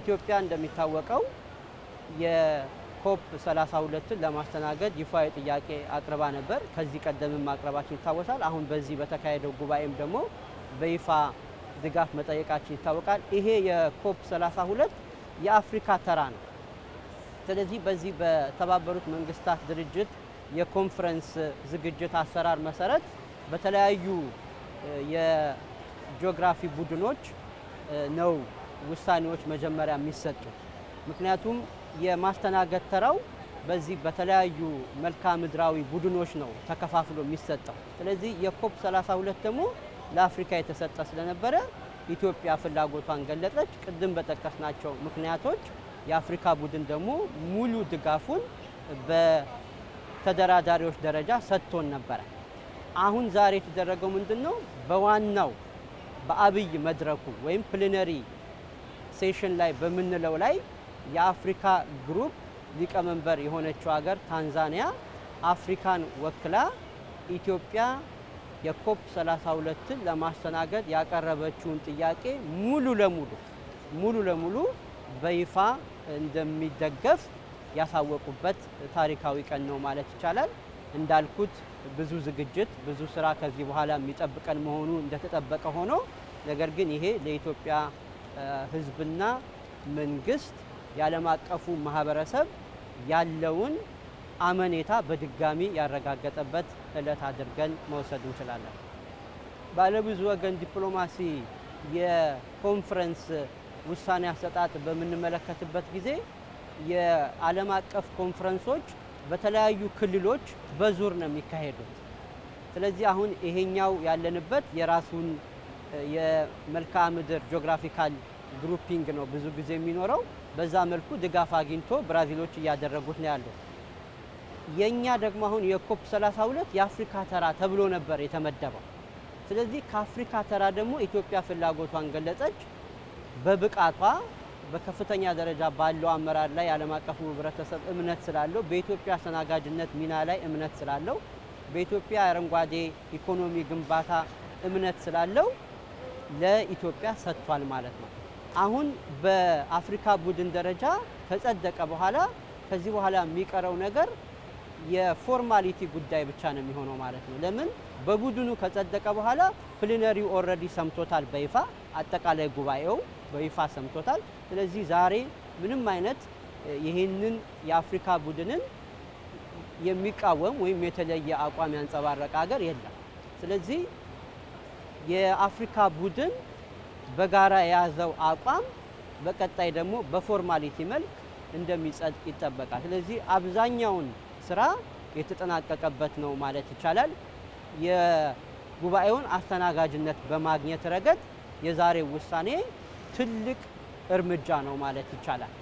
ኢትዮጵያ እንደሚታወቀው የኮፕ 32ን ለማስተናገድ ይፋዊ ጥያቄ አቅርባ ነበር። ከዚህ ቀደምም ማቅረባችን ይታወሳል። አሁን በዚህ በተካሄደው ጉባኤም ደግሞ በይፋ ድጋፍ መጠየቃችን ይታወቃል። ይሄ የኮፕ 32 የአፍሪካ ተራ ነው። ስለዚህ በዚህ በተባበሩት መንግስታት ድርጅት የኮንፈረንስ ዝግጅት አሰራር መሰረት በተለያዩ የጂኦግራፊ ቡድኖች ነው ውሳኔዎች መጀመሪያ የሚሰጡ። ምክንያቱም የማስተናገድ ተራው በዚህ በተለያዩ መልክዓ ምድራዊ ቡድኖች ነው ተከፋፍሎ የሚሰጠው። ስለዚህ የኮፕ 32 ደግሞ ለአፍሪካ የተሰጠ ስለነበረ ኢትዮጵያ ፍላጎቷን ገለጠች ቅድም በጠቀስናቸው ምክንያቶች የአፍሪካ ቡድን ደግሞ ሙሉ ድጋፉን በተደራዳሪዎች ደረጃ ሰጥቶን ነበረ። አሁን ዛሬ የተደረገው ምንድን ነው? በዋናው በአብይ መድረኩ ወይም ፕሊነሪ ሴሽን ላይ በምንለው ላይ የአፍሪካ ግሩፕ ሊቀመንበር የሆነችው ሀገር ታንዛኒያ አፍሪካን ወክላ ኢትዮጵያ የኮፕ 32ን ለማስተናገድ ያቀረበችውን ጥያቄ ሙሉ ለሙሉ ሙሉ ለሙሉ በይፋ እንደሚደገፍ ያሳወቁበት ታሪካዊ ቀን ነው ማለት ይቻላል። እንዳልኩት ብዙ ዝግጅት፣ ብዙ ስራ ከዚህ በኋላ የሚጠብቀን መሆኑ እንደተጠበቀ ሆኖ ነገር ግን ይሄ ለኢትዮጵያ ህዝብና መንግስት የዓለም አቀፉ ማህበረሰብ ያለውን አመኔታ በድጋሚ ያረጋገጠበት እለት አድርገን መውሰድ እንችላለን። ባለብዙ ወገን ዲፕሎማሲ የኮንፈረንስ ውሳኔ አሰጣጥ በምንመለከትበት ጊዜ የዓለም አቀፍ ኮንፈረንሶች በተለያዩ ክልሎች በዙር ነው የሚካሄዱት። ስለዚህ አሁን ይሄኛው ያለንበት የራሱን የመልክዓ ምድር ጂኦግራፊካል ግሩፒንግ ነው ብዙ ጊዜ የሚኖረው። በዛ መልኩ ድጋፍ አግኝቶ ብራዚሎች እያደረጉት ነው ያለው። የእኛ ደግሞ አሁን የኮፕ 32 የአፍሪካ ተራ ተብሎ ነበር የተመደበው። ስለዚህ ከአፍሪካ ተራ ደግሞ ኢትዮጵያ ፍላጎቷን ገለጸች። በብቃቷ በከፍተኛ ደረጃ ባለው አመራር ላይ ዓለም አቀፉ ህብረተሰብ እምነት ስላለው በኢትዮጵያ አስተናጋጅነት ሚና ላይ እምነት ስላለው በኢትዮጵያ አረንጓዴ ኢኮኖሚ ግንባታ እምነት ስላለው ለኢትዮጵያ ሰጥቷል ማለት ነው። አሁን በአፍሪካ ቡድን ደረጃ ከጸደቀ በኋላ ከዚህ በኋላ የሚቀረው ነገር የፎርማሊቲ ጉዳይ ብቻ ነው የሚሆነው ማለት ነው። ለምን በቡድኑ ከጸደቀ በኋላ ፕሊነሪ ኦልሬዲ ሰምቶታል፣ በይፋ አጠቃላይ ጉባኤው በይፋ ሰምቶታል። ስለዚህ ዛሬ ምንም አይነት ይህንን የአፍሪካ ቡድንን የሚቃወም ወይም የተለየ አቋም ያንጸባረቀ ሀገር የለም። ስለዚህ የአፍሪካ ቡድን በጋራ የያዘው አቋም በቀጣይ ደግሞ በፎርማሊቲ መልክ እንደሚጸድቅ ይጠበቃል። ስለዚህ አብዛኛውን ስራ የተጠናቀቀበት ነው ማለት ይቻላል። የጉባኤውን አስተናጋጅነት በማግኘት ረገድ የዛሬው ውሳኔ ትልቅ እርምጃ ነው ማለት ይቻላል።